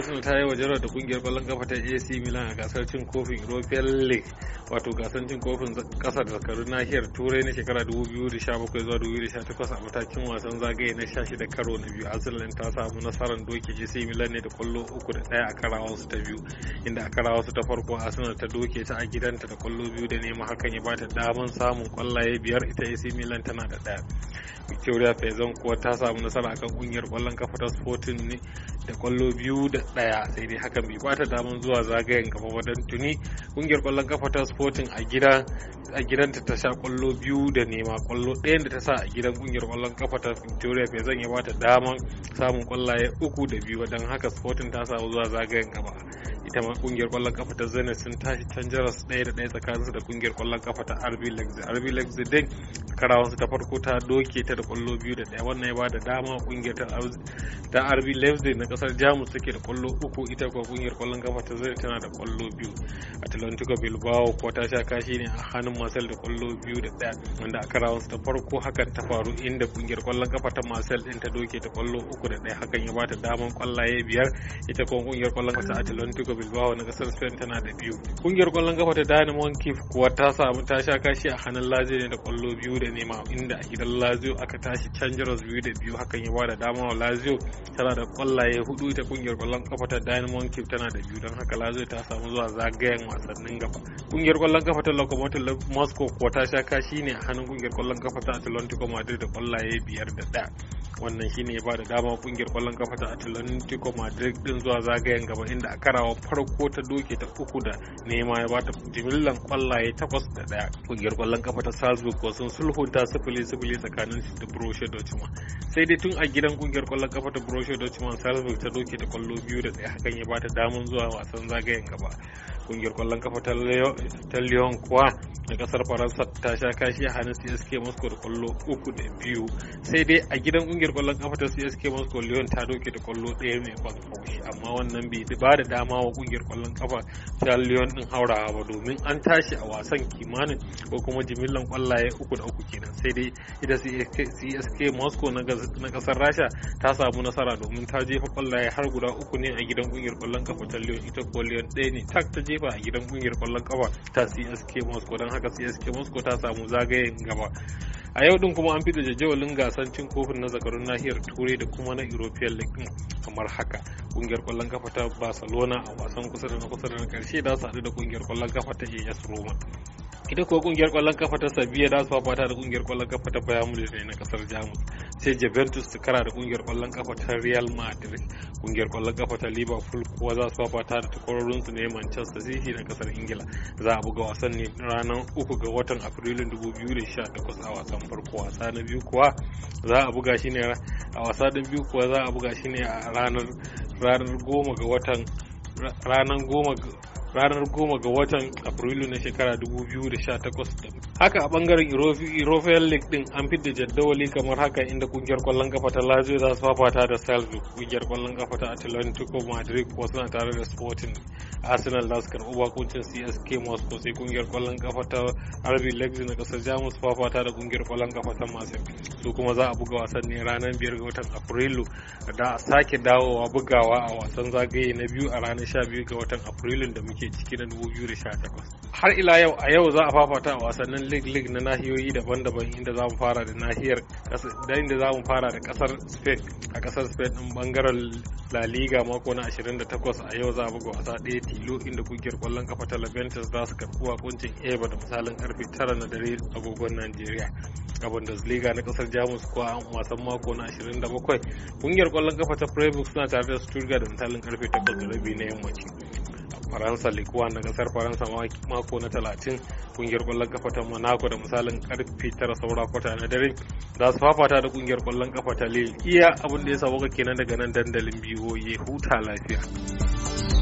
arsenal ta yi wa jarar da kungiyar ballon kafa ta ac milan a gasar cin kofin european league wato gasar cin kofin kasar zakarun nahiyar turai na shekara 2017 zuwa 2018 a matakin wasan zagaye na 16 karo na biyu arsenal ta samu nasarar doke ac milan ne da kwallo uku da daya a su ta biyu inda a su ta farko arsenal ta doke ta a gidanta da kwallo biyu da nema hakan ya bata damar samun kwallaye biyar ita ac milan tana da daya victoria pezon kuwa ta samu nasara akan kungiyar kwallon kafa ta sporting ne da kwallo biyu da ɗaya sai dai hakan bai bata damar zuwa zagayen ba wadan tuni kungiyar kwallon kafa ta sporting a gida a gidanta ta sha kwallo biyu da nema kwallo ɗaya da ta sa a gidan kungiyar kwallon kafa ta victoria bai zan ya bata damar samun kwallaye uku da biyu don haka sporting ta samu zuwa zagayen gaba. ita ma kungiyar kwallon kafa ta zane sun tashi can jaras daya da ɗaya su da kungiyar kwallon kafa ta rb leipzig rb leipzig din su ta farko ta doke ta da kwallo biyu da daya wannan ya ba da dama kungiyar ta rb leipzig na kasar jamus take da kwallo uku ita kuwa kungiyar kwallon kafa ta zane tana da kwallo biyu atlantico bilbao ko ta sha kashi ne a hannun marcel da kwallo biyu da ɗaya wanda aka karawansu ta farko hakan ta faru inda kungiyar kwallon kafa ta marcel ɗin ta doke ta kwallo uku da daya hakan ya bata daman kwallaye biyar ita kuma kungiyar kwallon kafa ta atlantico bilbao na ƙasar spain tana da biyu kungiyar kwallon kafa ta dynamo kif kuwa ta samu ta sha kashi a hannun lazio ne da kwallo biyu da nema inda a gidan lazio aka tashi Changeros biyu da biyu hakan ya bada damar lazio tana da kwallaye hudu ita kungiyar kwallon kafa ta dynamo kif tana da biyu don haka lazio ta samu zuwa zagayen wasa wasannin gaba kungiyar kwallon kafa ta locomotive moscow kuwa ta sha kashi ne a hannun kungiyar kwallon kafa ta atlantico madrid da kwallaye biyar da ɗaya wannan shine ya da dama kungiyar kwallon kafa ta atlantico madrid din zuwa zagayen gaba inda a karawa farko ta doke ta uku da nema ya bata jimillan kwallaye takwas da daya kungiyar kwallon kafa ta salzburg ko sun sulhunta sifili sifili tsakanin su da borussia dortmund sai dai tun a gidan kungiyar kwallon kafa ta borussia dortmund salzburg ta doke ta kwallo biyu da daya hakan ya bata daman zuwa wasan zagayen gaba kungiyar kwallon kafa ta lyon kuwa na kasar faransa ta sha kashi a hannun csk moscow da kwallo uku da biyu sai dai a gidan kungiyar kwallon kafa ta csk moscow lyon ta doke da kwallo ɗaya mai ban haushi amma wannan bai ba da dama wa kungiyar kwallon kafa ta lyon din haurawa ba domin an tashi a wasan kimanin ko kuma jimillan kwallaye uku da uku kenan sai dai ita csk moscow na kasar rasha ta samu nasara domin ta jefa kwallaye har guda uku ne a gidan kungiyar kwallon kafa ta lyon ita kwallon ɗaya ne tak ta jefa a gidan kungiyar kwallon kafa ta csk moscow don haka CSK Moscow ta samu zagayen gaba. a yau din kuma an fi da jajjawalin gasar cin kofin na zakarun nahiyar turai da kuma na european league kamar haka kungiyar kwallon kafa ta barcelona a wasan kusa da na kusa da na karshe da su haɗu da kungiyar kwallon kafa ta as roma ita kuwa kungiyar kwallon kafa ta sabiya da su fafata da kungiyar kwallon kafa ta bayan munich ne na kasar jamus sai juventus su kara da kungiyar kwallon kafa ta real madrid kungiyar kwallon kafa ta liverpool kuwa za su fafata da takwarorin su ne manchester city na kasar ingila za a buga wasan ne ranar uku ga watan afrilun 2018 a wasan farko wasa na biyu kuwa za a buga shi ne a wasa na biyu kuwa za a buga shi ne a ranar ranar goma ga watan ranar goma ranar goma ga watan afrilu na shekara 2018 haka a bangaren european league din an fidda jaddawali kamar haka inda kungiyar kwallon kafa ta lazio za su fafata da salzburg kungiyar kwallon kafa ta atlantico madrid ko suna tare da sporting arsenal na su karɓi bakuncin csk moscow sai kungiyar kwallon kafa ta rb leipzig na kasar jamus fafata da kungiyar kwallon kafa ta masai su kuma za a buga wasan ne ranar biyar ga watan afrilu da a sake dawowa bugawa a wasan zagaye na biyu a ranar sha biyu ga watan aprilu da muke ciki na 2018 har ila yau a yau za a fafata a wasannin league league na nahiyoyi daban-daban inda za mu fara da nahiyar da inda za mu fara da kasar spain a kasar spain din bangaren la liga mako na 28 a yau za a buga wasa ɗaya tilo inda kungiyar kwallon kafa ta Leventus za su karɓi wakuncin Eba da misalin karfe 9 na dare agogon Najeriya. A Bundesliga na kasar Jamus kuwa an wasan mako na 27 kungiyar kwallon kafa ta Freiburg suna tare da Stuttgart da misalin karfe 8 da rabi na yammaci. faransa likuwa na kasar faransa mako na talatin kungiyar kwallon kafa ta monaco da misalin karfe tara saura kwata na dare za su fafata da kungiyar kwallon kafa ta lille iya abin da ya sauka kenan daga nan dandalin biyu ya huta lafiya